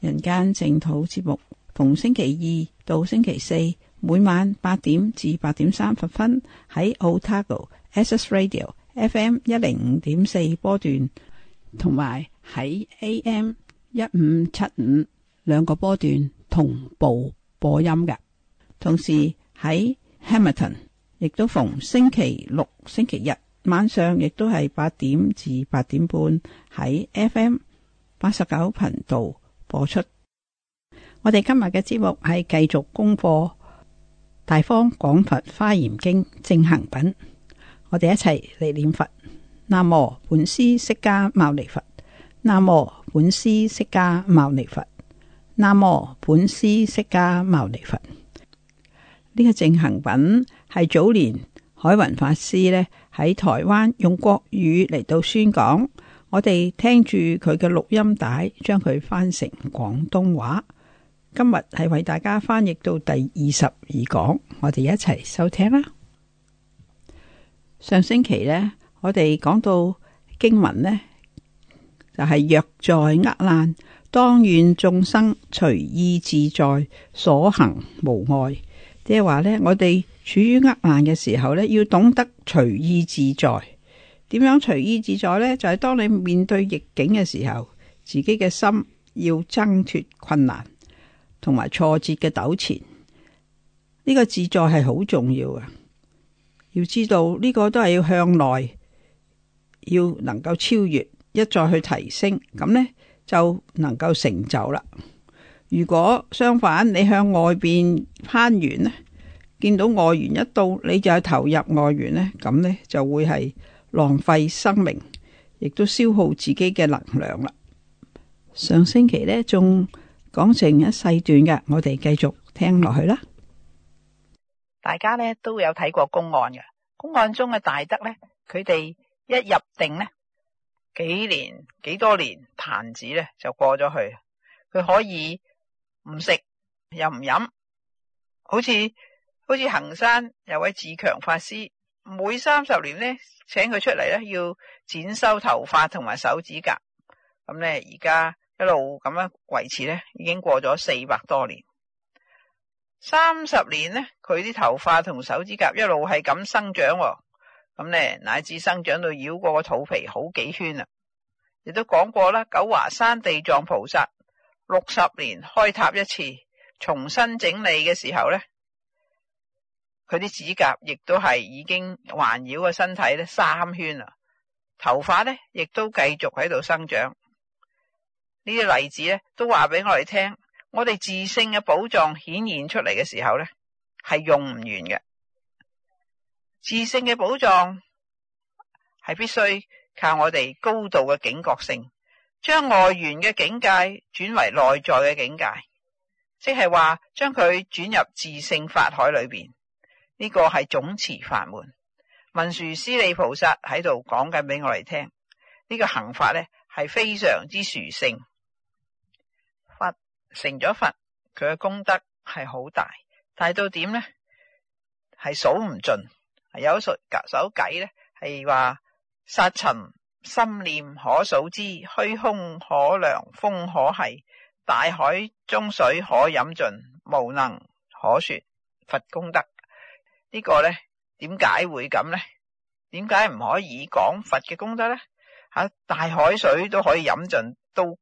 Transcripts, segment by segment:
人間淨土節目，逢星期二到星期四，每晚八點至八點三十分喺 Otago Access Radio F M 一零五點四波段，同埋喺 A M 一五七五兩個波段同步播音嘅。同時喺 Hamilton 亦都逢星期六、星期日晚上，亦都係八點至八點半喺 F M 八十九頻道。播出我哋今日嘅節目係繼續功課《大方廣佛華嚴經正行品》，我哋一齊嚟念佛：南無本師釋迦牟尼佛，南無本師釋迦牟尼佛，南無本師釋迦牟尼佛。呢個正行品係早年海雲法師咧喺台灣用國語嚟到宣講。我哋聽住佢嘅錄音帶，將佢翻成廣東話。今日係為大家翻譯到第二十二講，我哋一齊收聽啦。上星期呢，我哋講到經文呢，就係若在厄難，當願眾生隨意自在，所行無礙。即係話呢，我哋處於厄難嘅時候呢，要懂得隨意自在。點樣隨意自在呢？就係、是、當你面對逆境嘅時候，自己嘅心要掙脫困難同埋挫折嘅糾纏。呢、這個自在係好重要啊！要知道呢、這個都係要向內，要能夠超越一再去提升，咁呢，就能夠成就啦。如果相反，你向外邊攀援呢，見到外緣一到，你就係投入外緣呢，咁呢就會係。浪費生命，亦都消耗自己嘅能量啦。上星期呢，仲講成一細段嘅，我哋繼續聽落去啦。大家呢，都有睇過公案嘅，公案中嘅大德呢，佢哋一入定呢，幾年幾多年壇子呢就過咗去，佢可以唔食又唔飲，好似好似衡山有位自強法師，每三十年呢。請佢出嚟咧，要剪修頭髮同埋手指甲。咁咧，而家一路咁樣維持咧，已經過咗四百多年。三十年呢，佢啲頭髮同手指甲一路係咁生長，咁咧乃至生長到繞過個肚皮好幾圈啦。亦都講過啦，九華山地藏菩薩六十年開塔一次，重新整理嘅時候咧。佢啲指甲亦都係已經環繞個身體咧三圈啦，頭髮咧亦都繼續喺度生長。呢啲例子咧都話俾我哋聽，我哋自性嘅寶藏顯現出嚟嘅時候咧係用唔完嘅。自性嘅寶藏係必須靠我哋高度嘅警覺性，將外緣嘅境界轉為內在嘅境界，即係話將佢轉入自性法海裏邊。呢個係總持法門，文殊師利菩薩喺度講緊俾我哋聽。呢、這個行法呢係非常之殊勝。佛成咗佛，佢嘅功德係好大，大到點呢？係數唔盡。有術格手計呢，係話：殺塵心念可數知，虛空可量，風可係大海中水，可飲盡，無能可説佛功德。個呢個咧，點解會咁咧？點解唔可以講佛嘅功德咧？吓，大海水都可以飲盡，都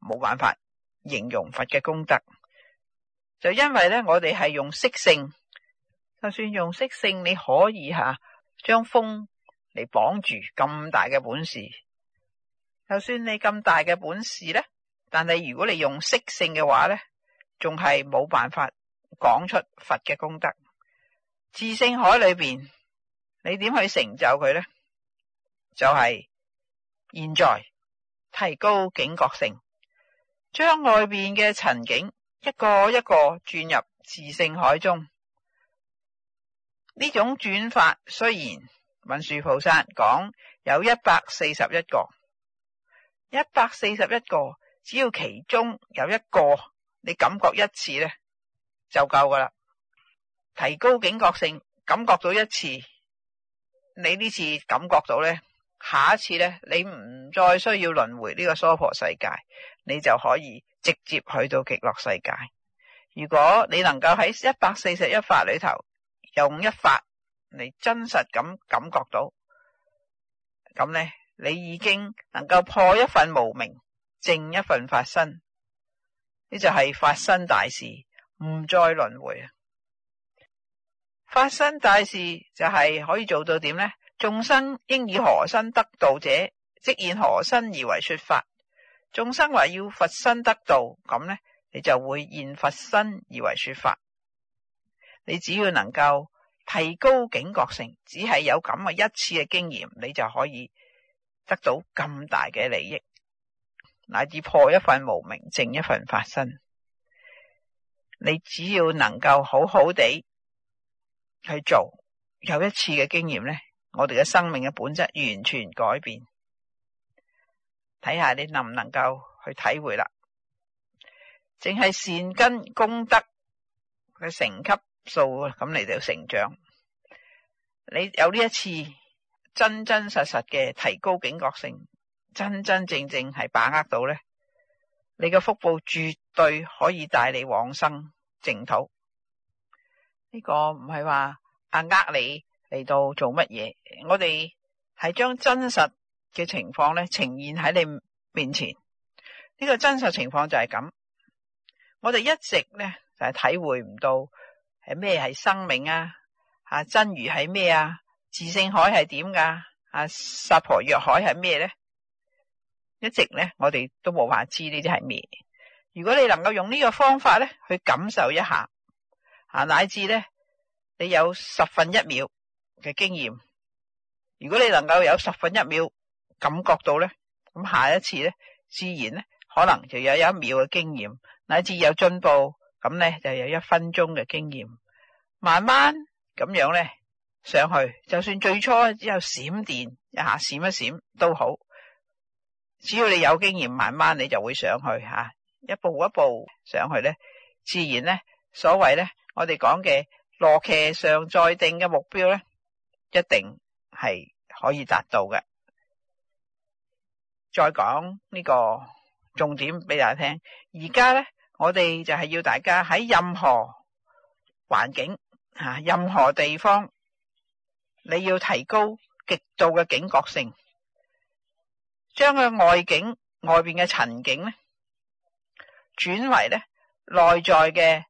冇辦法形容佛嘅功德。就因為咧，我哋係用色性，就算用色性，你可以吓，將風嚟，綁住咁大嘅本事。就算你咁大嘅本事咧，但係如果你用色性嘅話咧，仲係冇辦法講出佛嘅功德。自性海裏邊，你點去成就佢呢？就係現在提高警覺性，將外面嘅塵境一個一個轉入自性海中。呢種轉法雖然文殊菩薩講有一百四十一個，一百四十一個，只要其中有一個你感覺一次咧就夠噶啦。提高警覺性，感覺到一次，你呢次感覺到呢，下一次呢，你唔再需要輪迴呢個娑婆世界，你就可以直接去到極樂世界。如果你能夠喺一百四十一法裏頭用一法嚟真實咁感覺到，咁呢，你已經能夠破一份無明，正一份法身，呢就係法身大事，唔再輪迴啊！發生大事就係、是、可以做到點呢？眾生應以何身得道者，即現何身而為說法。眾生話要佛身得道，咁呢，你就會現佛身而為說法。你只要能夠提高警覺性，只係有咁嘅一次嘅經驗，你就可以得到咁大嘅利益，乃至破一份無名，證一份法身。你只要能夠好好地。去做有一次嘅經驗呢，我哋嘅生命嘅本質完全改變。睇下你能唔能夠去體會啦？淨係善根功德嘅成級數，咁你就成長。你有呢一次真真實實嘅提高警覺性，真真正正係把握到呢，你嘅福報絕對可以帶你往生淨土。呢個唔係話啊呃你嚟到做乜嘢？我哋係將真實嘅情況咧呈現喺你面前。呢、這個真實情況就係咁，我哋一直咧就係、是、體會唔到係咩係生命啊？啊真如係咩啊？自性海係點噶？啊薩婆若海係咩咧？一直咧我哋都冇話知呢啲係咩。如果你能夠用呢個方法咧去感受一下。啊，乃至咧，你有十分一秒嘅經驗。如果你能夠有十分一秒感覺到咧，咁下一次咧，自然咧可能就有一秒嘅經驗，乃至有進步。咁咧就有一分鐘嘅經驗，慢慢咁樣咧上去。就算最初只有閃電一下，啊，閃一閃都好，只要你有經驗，慢慢你就會上去吓，啊，一步一步上去咧，自然咧所謂咧。我哋講嘅羅騎上再定嘅目標咧，一定係可以達到嘅。再講呢個重點俾大家聽。而家咧，我哋就係要大家喺任何環境吓、啊，任何地方，你要提高極度嘅警覺性，將個外景外邊嘅塵景咧，轉為咧內在嘅。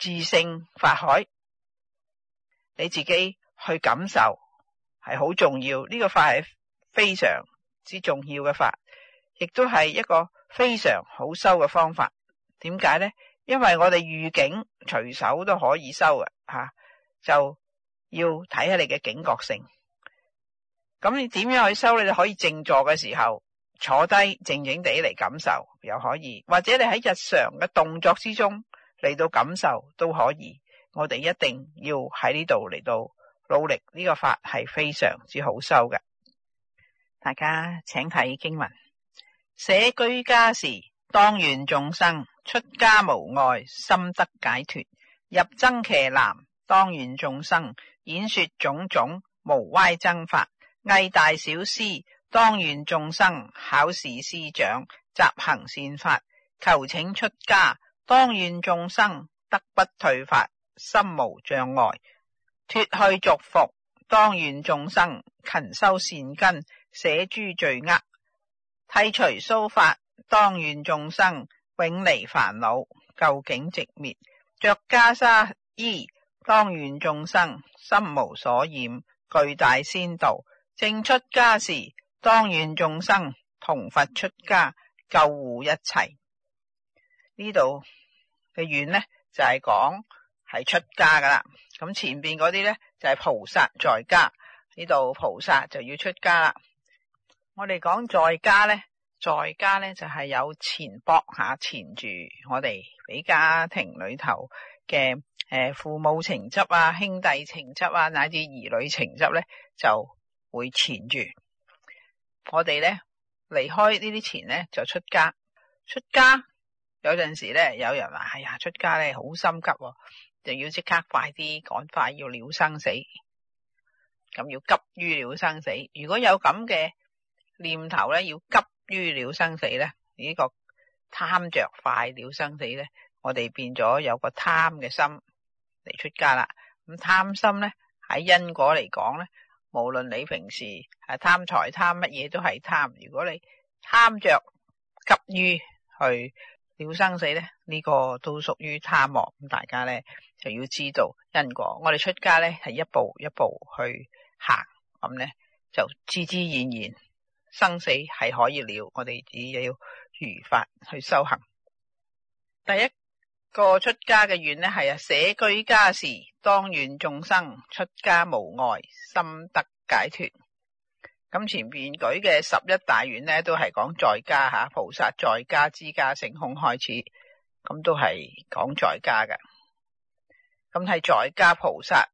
自性法海，你自己去感受，係好重要。呢個法係非常之重要嘅法，亦都係一個非常好修嘅方法。點解咧？因為我哋遇境隨手都可以修嘅吓、啊，就要睇下你嘅警覺性。咁你點樣去修？你就可以靜坐嘅時候坐低靜靜地嚟感受，又可以，或者你喺日常嘅動作之中。嚟到感受都可以，我哋一定要喺呢度嚟到努力。呢、這個法係非常之好修嘅，大家請睇經文。捨居家時，當願眾生出家無礙，心得解脱；入僧伽藍，當願眾生演說種種無歪諍法；藝大小師，當願眾生考試師長，習行善法，求請出家。當願眾生得不退法，心無障礙，脫去俗服；當願眾生勤修善根，捨諸罪厄，剃除鬚髮；當願眾生永離煩惱，究竟寂滅，着袈裟衣；當願眾生心無所染，具大仙道；正出家時，當願眾生同佛出家，救護一切。呢度。嘅院咧就係講係出家噶啦，咁前邊嗰啲咧就係、是、菩薩在家，呢度菩薩就要出家啦。我哋講在家咧，在家咧就係、是、有錢博下，纏、啊、住我哋俾家庭裏頭嘅誒父母情執啊、兄弟情執啊，乃至兒女情執咧，就會纏住我哋咧。離開呢啲錢咧就出家，出家。有陣時咧，有人話：哎呀，出家咧好心急，就要即刻快啲，趕快要了生死，咁要急於了生死。如果有咁嘅念頭咧，要急於了生死咧，呢個貪着快了生死咧，我哋變咗有個貪嘅心嚟出家啦。咁貪心咧喺因果嚟講咧，無論你平時係貪財貪乜嘢都係貪。如果你貪着急於去。了生死咧，呢個都屬於貪妄，咁大家咧就要知道因果。我哋出家咧係一步一步去行，咁咧就自自然然，生死係可以了。我哋自己要如法去修行。第一個出家嘅願咧係啊，捨居家時，當願眾生出家無礙，心得解脱。咁前邊舉嘅十一大願咧，都係講在家吓菩薩在家知家性空開始，咁都係講在家嘅。咁係在家菩薩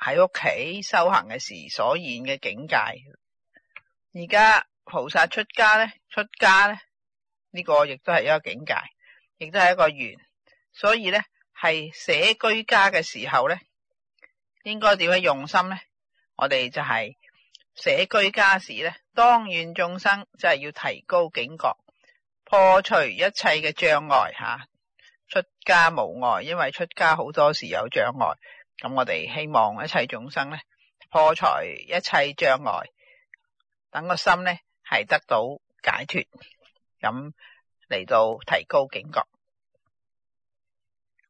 喺屋企修行嘅時所現嘅境界。而家菩薩出家咧，出家咧呢、這個亦都係一個境界，亦都係一個緣。所以咧係捨居家嘅時候咧，應該點樣用心咧？我哋就係、是。捨居家時咧，當願眾生就係要提高警覺，破除一切嘅障礙吓、啊。出家無礙，因為出家好多時有障礙。咁我哋希望一切眾生咧，破除一切障礙，等個心咧係得到解脫，咁嚟到提高警覺。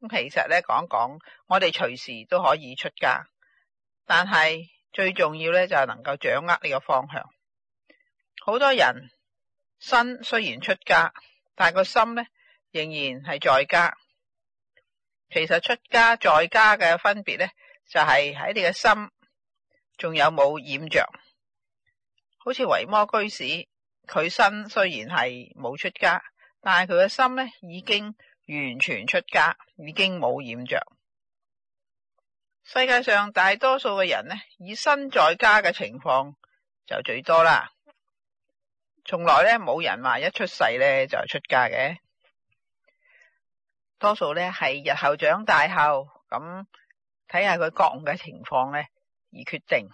咁其實咧講講，我哋隨時都可以出家，但係。最重要咧就係能夠掌握呢個方向。好多人身雖然出家，但係個心咧仍然係在家。其實出家在家嘅分別咧就係喺你嘅心仲有冇染着？好似維摩居士，佢身雖然係冇出家，但係佢嘅心咧已經完全出家，已經冇染着。世界上大多數嘅人呢，以身在家嘅情況就最多啦。從來呢冇人話一出世呢就是，出家嘅，多數呢係日後長大後咁睇下佢覺悟嘅情況呢而決定。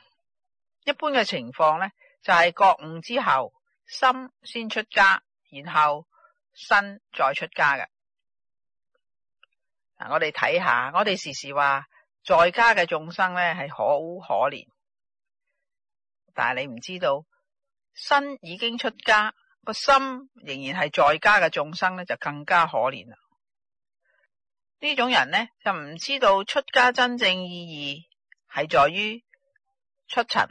一般嘅情況呢就係，是，覺悟之後心先出家，然後身再出家嘅。嗱、啊，我哋睇下，我哋時時話。在家嘅眾生咧係好可憐，但係你唔知道，身已經出家，個心仍然係在家嘅眾生咧就更加可憐啦。呢種人咧就唔知道出家真正意義係在於出塵，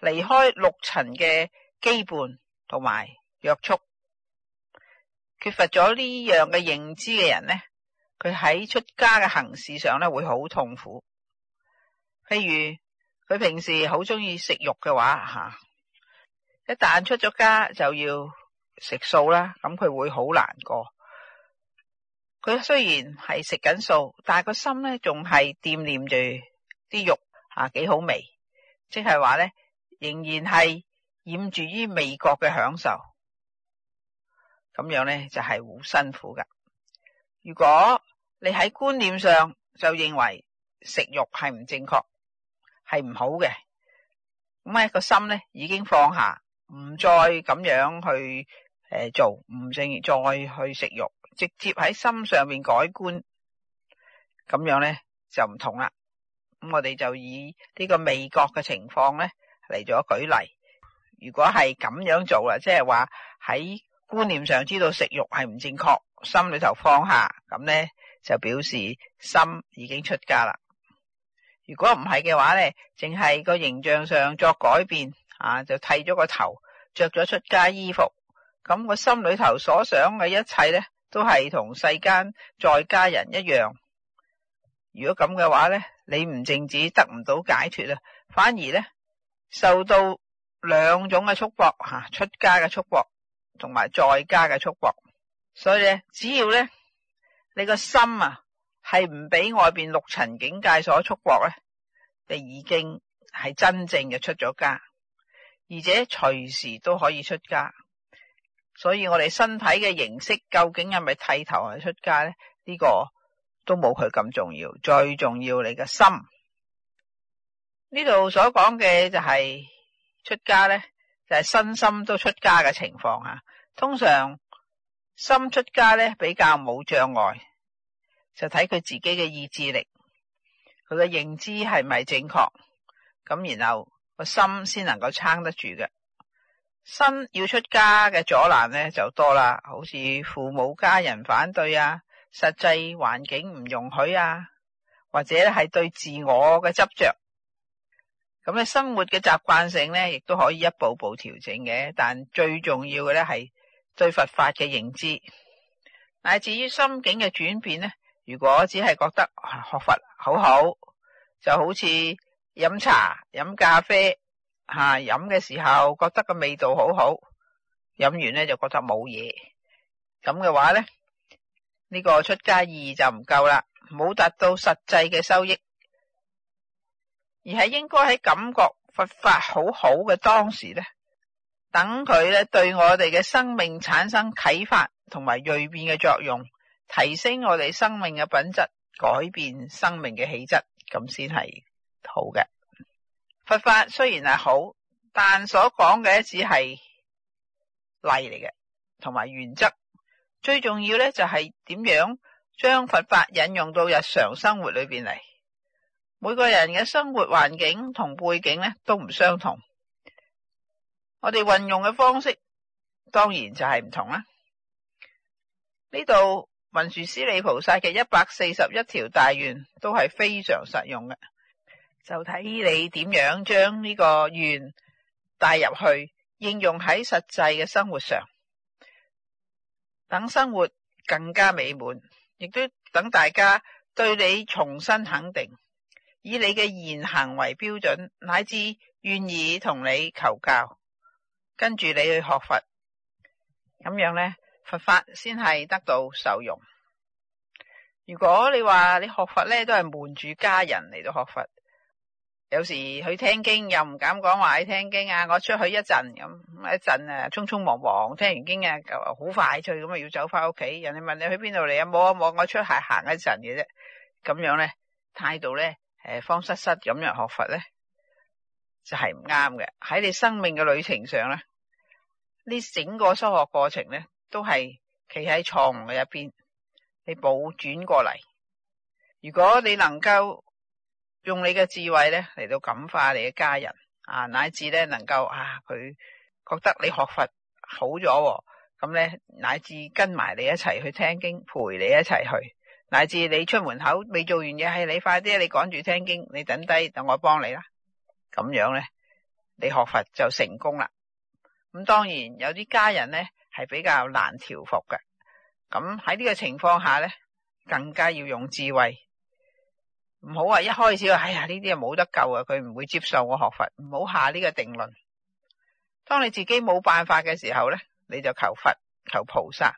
離開六塵嘅羈絆同埋約束，缺乏咗呢樣嘅認知嘅人咧。佢喺出家嘅行事上咧會好痛苦。譬如佢平時好鍾意食肉嘅話吓、啊，一旦出咗家就要食素啦，咁佢會好難過。佢雖然係食緊素，但係個心咧仲係惦念住啲肉吓，幾、啊、好味，即係話咧仍然係染住於味覺嘅享受。咁樣咧就係、是、好辛苦噶。如果你喺觀念上就認為食肉係唔正確，係唔好嘅，咁咧個心咧已經放下，唔再咁樣去誒、呃、做唔正，再去食肉，直接喺心上面改觀，咁樣咧就唔同啦。咁我哋就以呢個美國嘅情況咧嚟做舉例。如果係咁樣做啦，即係話喺觀念上知道食肉係唔正確，心裏頭放下咁咧。就表示心已經出家啦。如果唔係嘅話呢，淨係個形象上作改變，吓，就剃咗個頭，着咗出家衣服，咁個心裏頭所想嘅一切呢，都係同世間在家人一樣。如果咁嘅話呢，你唔淨止得唔到解脫啊，反而呢，受到兩種嘅束縛，吓，出家嘅束縛同埋在家嘅束縛。所以咧，只要呢。你個心啊，係唔俾外邊六塵境界所束縛咧，你已經係真正嘅出咗家，而且隨時都可以出家。所以我哋身體嘅形式究竟係咪剃頭係出家咧？呢、這個都冇佢咁重要,最重要你嘅心。呢度所講嘅就係、是、出家咧，就係、是、身心都出家嘅情況啊。通常。心出家咧比較冇障礙，就睇佢自己嘅意志力，佢嘅認知係咪正確，咁然後個心先能夠撐得住嘅。心要出家嘅阻攔咧就多啦，好似父母家人反對啊，實際環境唔容許啊，或者係對自我嘅執着，咁咧生活嘅習慣性咧亦都可以一步步調整嘅，但最重要嘅咧係。對佛法嘅認知，乃至於心境嘅轉變呢，如果只係覺得學佛好好，就好似飲茶、飲咖啡吓，飲、啊、嘅時候覺得個味道好好，飲完呢就覺得冇嘢。咁嘅話呢呢、呢個出家意義就唔夠啦，冇達到實際嘅收益。而係應該喺感覺佛法好好嘅當時呢。等佢咧對我哋嘅生命產生啟發同埋蛻變嘅作用，提升我哋生命嘅品質，改變生命嘅氣質，咁先係好嘅。佛法雖然係好，但所講嘅只係例嚟嘅，同埋原則。最重要咧，就係點樣將佛法引用到日常生活裏邊嚟。每個人嘅生活環境同背景咧都唔相同。我哋運用嘅方式當然就係唔同啦。呢度文殊師利菩薩嘅一百四十一條大願都係非常實用嘅，就睇你點樣將呢個願帶入去應用喺實際嘅生活上，等生活更加美滿，亦都等大家對你重新肯定，以你嘅言行為標準，乃至願意同你求教。跟住你去學佛，咁樣咧，佛法先係得到受用。如果你話你學佛咧，都係瞞住家人嚟到學佛，有時去聽經又唔敢講話你聽經啊，我出去一陣咁一陣啊，匆匆忙忙聽完經啊，就好快脆咁啊，要走翻屋企。人哋問你去邊度嚟啊，摸一摸，我出嚟行一陣嘅啫。咁樣咧，態度咧，誒，慌失失咁樣學佛咧，就係唔啱嘅。喺你生命嘅旅程上咧，呢整個修學過程咧，都係企喺錯誤嘅入邊。你補轉過嚟，如果你能夠用你嘅智慧咧嚟到感化你嘅家人啊，乃至咧能夠啊佢覺得你學佛好咗，咁、啊、咧乃至跟埋你一齊去聽經，陪你一齊去，乃至你出門口未做完嘢，係你快啲，你趕住聽經，你等低等我幫你啦。咁樣咧，你學佛就成功啦。咁當然有啲家人咧係比較難調服嘅。咁喺呢個情況下咧，更加要用智慧。唔好話一開始話，哎呀呢啲啊冇得救啊，佢唔會接受我學佛。唔好下呢個定論。當你自己冇辦法嘅時候咧，你就求佛、求菩薩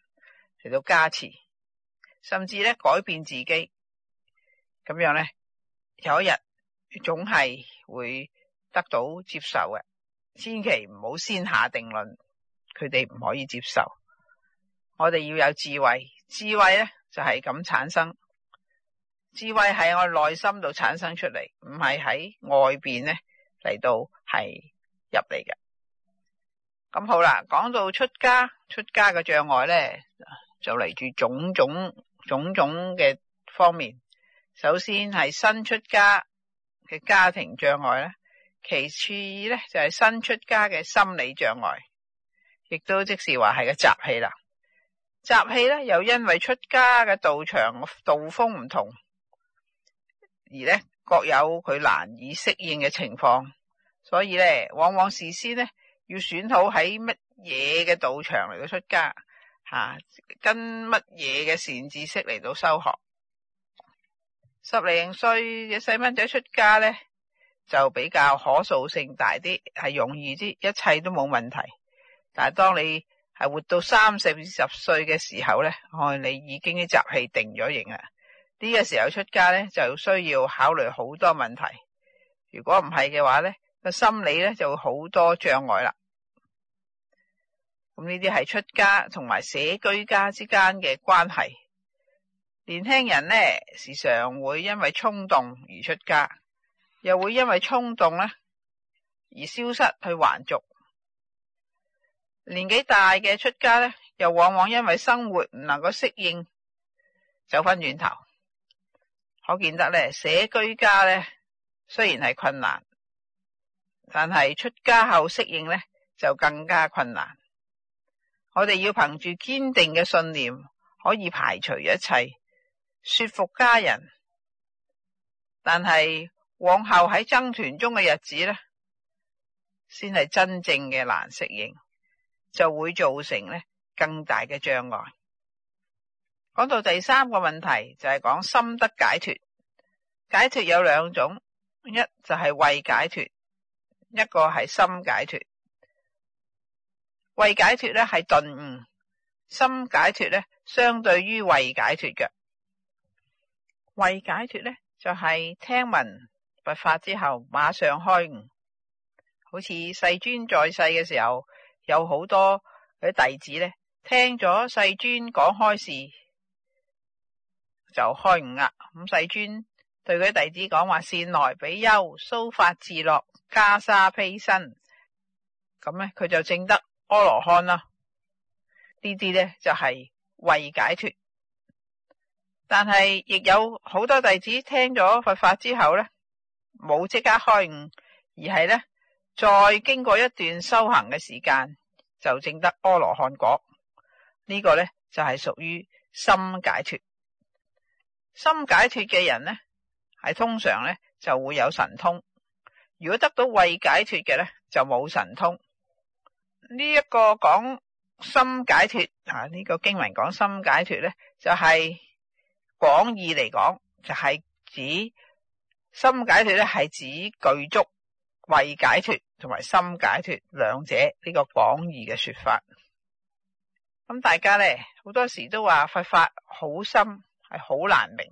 嚟到加持，甚至咧改變自己。咁樣咧，有一日總係會得到接受嘅，千祈唔好先下定論，佢哋唔可以接受。我哋要有智慧，智慧咧就係咁產生，智慧喺我內心度產生出嚟，唔係喺外邊咧嚟到係入嚟嘅。咁好啦，講到出家，出家嘅障礙咧就嚟住種種種種嘅方面。首先係新出家嘅家庭障礙咧。其次咧，就係、是、新出家嘅心理障礙，亦都即是話係個習氣啦。習氣咧，又因為出家嘅道場道風唔同，而咧各有佢難以適應嘅情況，所以咧往往事先呢，要選好喺乜嘢嘅道場嚟到出家，吓、啊、跟乜嘢嘅善知識嚟到修學。十零歲嘅細蚊仔出家咧。就比較可塑性大啲，係容易啲，一切都冇問題。但係當你係活到三四十歲嘅時候咧，我你已經啲習氣定咗型啦。呢個時候出家咧，就需要考慮好多問題。如果唔係嘅話咧，個心理咧就會好多障礙啦。咁呢啲係出家同埋社居家之間嘅關係。年輕人咧，時常會因為衝動而出家。又會因為衝動咧而消失去還俗。年紀大嘅出家咧，又往往因為生活唔能夠適應，走翻轉頭。可見得咧，捨居家咧雖然係困難，但係出家後適應咧就更加困難。我哋要憑住堅定嘅信念，可以排除一切，說服家人，但係。往後喺爭團中嘅日子呢，先係真正嘅難適應，就會造成呢更大嘅障礙。講到第三個問題，就係、是、講心得解脱。解脱有兩種，一就係慧解脱，一個係心解脱。慧解脱呢係頓悟，心解脱呢相對於慧解脱嘅。慧解脱呢，就係聽聞。佛法之後馬上開悟，好似世尊在世嘅時候，有好多嗰啲弟子咧，聽咗世尊講開示就開悟啦。咁世尊對佢弟子講話善來比丘，修法自樂，袈裟披身，咁咧佢就證得阿羅漢啦。呢啲咧就係、是、慧解脫，但係亦有好多弟子聽咗佛法之後咧。冇即刻開悟，而係咧再經過一段修行嘅時間，就證得阿羅漢果。這個、呢個咧就係、是、屬於心解脫。心解脫嘅人咧，係通常咧就會有神通。如果得到慧解脫嘅，咧就冇神通。呢、這、一個講心解脫吓，呢、這個經文講心解脫咧，就係、是、廣義嚟講，就係、是、指。心解脫咧係指具足慧解脫同埋心解脫兩者呢、這個廣義嘅說法。咁大家咧好多時都話佛法好深係好難明，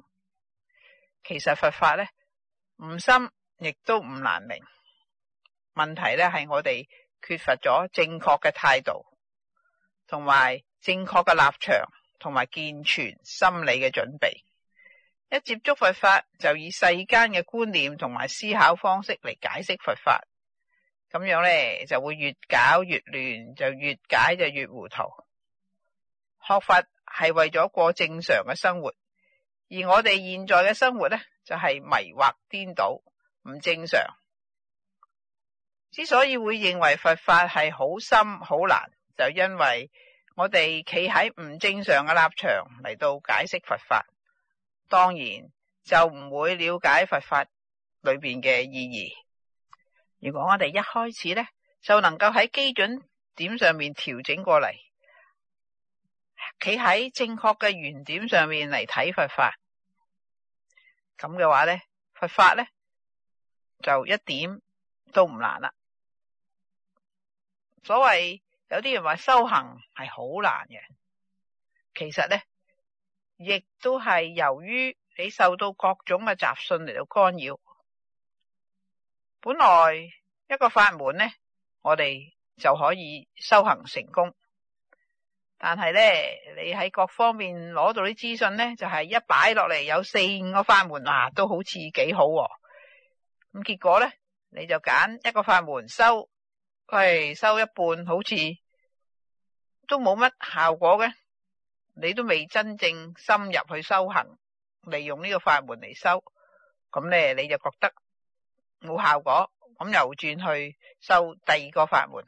其實佛法咧唔深亦都唔難明。問題咧係我哋缺乏咗正確嘅態度，同埋正確嘅立場，同埋健全心理嘅準備。一接觸佛法，就以世間嘅觀念同埋思考方式嚟解釋佛法，咁樣咧就會越搞越亂，就越解就越糊塗。學佛係為咗過正常嘅生活，而我哋現在嘅生活呢，就係迷惑顛倒，唔正常。之所以會認為佛法係好深好難，就因為我哋企喺唔正常嘅立場嚟到解釋佛法。當然就唔會了解佛法裏邊嘅意義。如果我哋一開始呢，就能夠喺基準點上面調整過嚟，企喺正確嘅原點上面嚟睇佛法，咁嘅話呢，佛法呢，就一點都唔難啦。所謂有啲人話修行係好難嘅，其實呢。亦都係由於你受到各種嘅雜訊嚟到干擾，本來一個法門咧，我哋就可以修行成功，但係咧，你喺各方面攞到啲資訊咧，就係、是、一擺落嚟有四五個法門啊，都好似幾好咁，啊，結果咧，你就揀一個法門修，佢喂，修、哎、一半好似都冇乜效果嘅。你都未真正深入去修行，利用呢個法門嚟修，咁咧你，你就覺得冇效果，咁又轉去修第二個法門。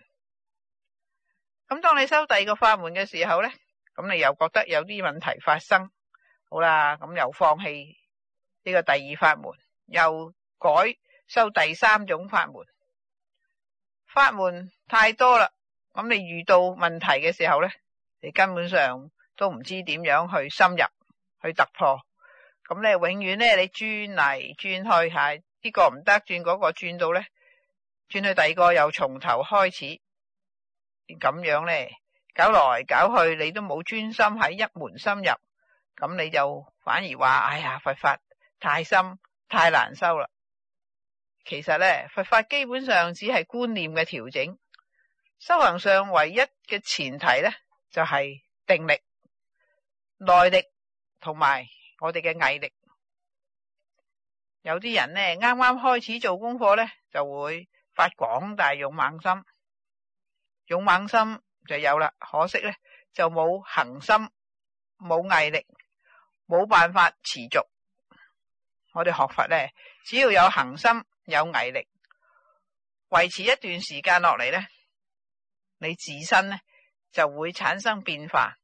咁當你修第二個法門嘅時候咧，咁你又覺得有啲問題發生，好啦，咁又放棄呢個第二法門，又改修第三種法門。法門太多啦，咁你遇到問題嘅時候咧，你根本上。都唔知點樣去深入去突破，咁咧永遠咧，你轉嚟轉去，係呢個唔得，轉嗰個轉到咧，轉去第二個又從頭開始，咁樣咧，搞來搞去，你都冇專心喺一門深入，咁你就反而話，哎呀，佛法太深太難修啦。其實咧佛法基本上只係觀念嘅調整，修行上唯一嘅前提咧就係定力。耐力同埋我哋嘅毅力，有啲人呢，啱啱開始做功課呢，就會發廣大勇猛心，勇猛心就有啦。可惜呢，就冇恆心，冇毅力，冇辦法持續。我哋學佛呢，只要有恆心，有毅力，維持一段時間落嚟呢，你自身呢就會產生變化。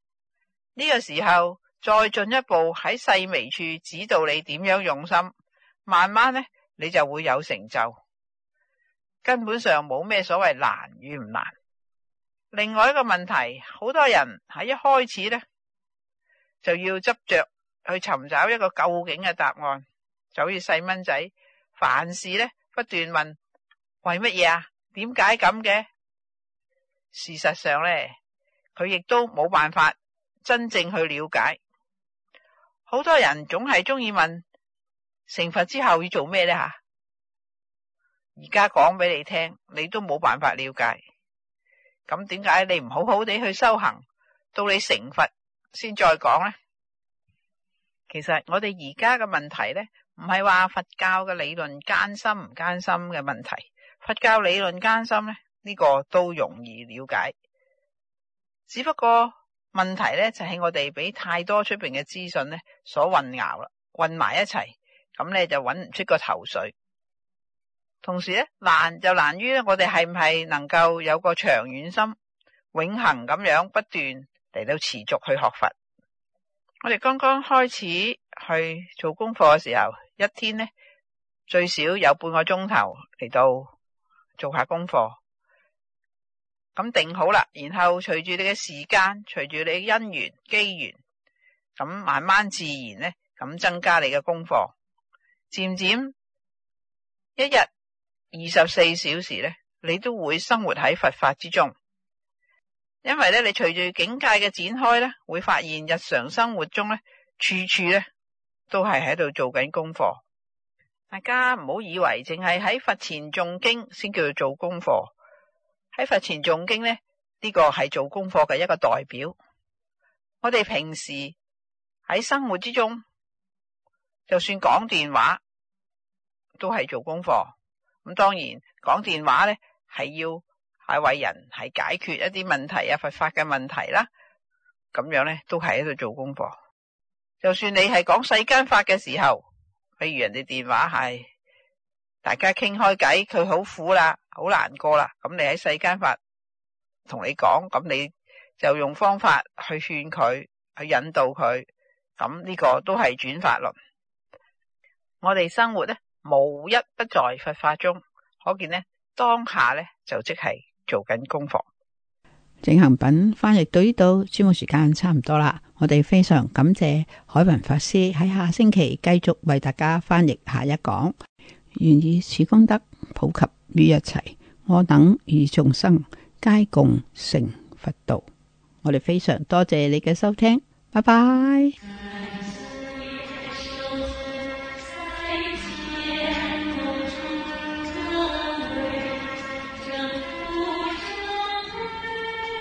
呢個時候再進一步喺細微處指導你點樣用心，慢慢咧你就會有成就。根本上冇咩所謂難與唔難。另外一個問題，好多人喺一開始咧就要執着去尋找一個究竟嘅答案，就好似細蚊仔，凡事咧不斷問呀，為乜嘢啊？點解咁嘅？事實上咧，佢亦都冇辦法。真正去了解，好多人總係中意問，成佛之後要做咩呢？吓，而家講俾你聽，你都冇辦法了解。咁點解你唔好好地去修行，到你成佛先再講呢？其實我哋而家嘅問題呢，唔係話佛教嘅理論艱深唔艱深嘅問題。佛教理論艱深呢，呢個都容易了解，只不過。問題咧就係、是、我哋俾太多出邊嘅資訊咧所混淆啦，混埋一齊，咁咧就揾唔出個頭緒。同時咧難就難於咧我哋係唔係能夠有個長遠心，永恆咁樣不斷嚟到持續去學佛。我哋剛剛開始去做功課嘅時候，一天咧最少有半個鐘頭嚟到做下功課。咁定好啦，然後隨住你嘅時間，隨住你嘅因緣機緣，咁慢慢自然咧，咁增加你嘅功課，漸漸一日二十四小時咧，你都會生活喺佛法之中。因為咧，你隨住境界嘅展開咧，會發現日常生活中咧，處處咧都係喺度做緊功課。大家唔好以為淨係喺佛前誦經先叫做做功課。喺佛前誦經咧，呢、呢個係做功課嘅一個代表。我哋平時喺生活之中，就算講電話，都係做功課。咁當然講電話咧，係要喺為人，係解決一啲問題啊，佛法嘅問題啦。咁樣咧，都係喺度做功課。就算你係講世間法嘅時候，譬如人哋電話係，大家傾開偈，佢好苦啦。好難過啦，咁你喺世間法同你講，咁你就用方法去勸佢，去引導佢，咁呢個都係轉法輪。我哋生活呢，無一不在佛法中，可見呢，當下呢，就即係做緊功課。淨行品翻譯到呢度，節目時間差唔多啦，我哋非常感謝海雲法師喺下星期繼續為大家翻譯下一講，願以此功德。普及於一切，我等與眾生皆共成佛道。我哋非常多謝你嘅收聽，拜拜。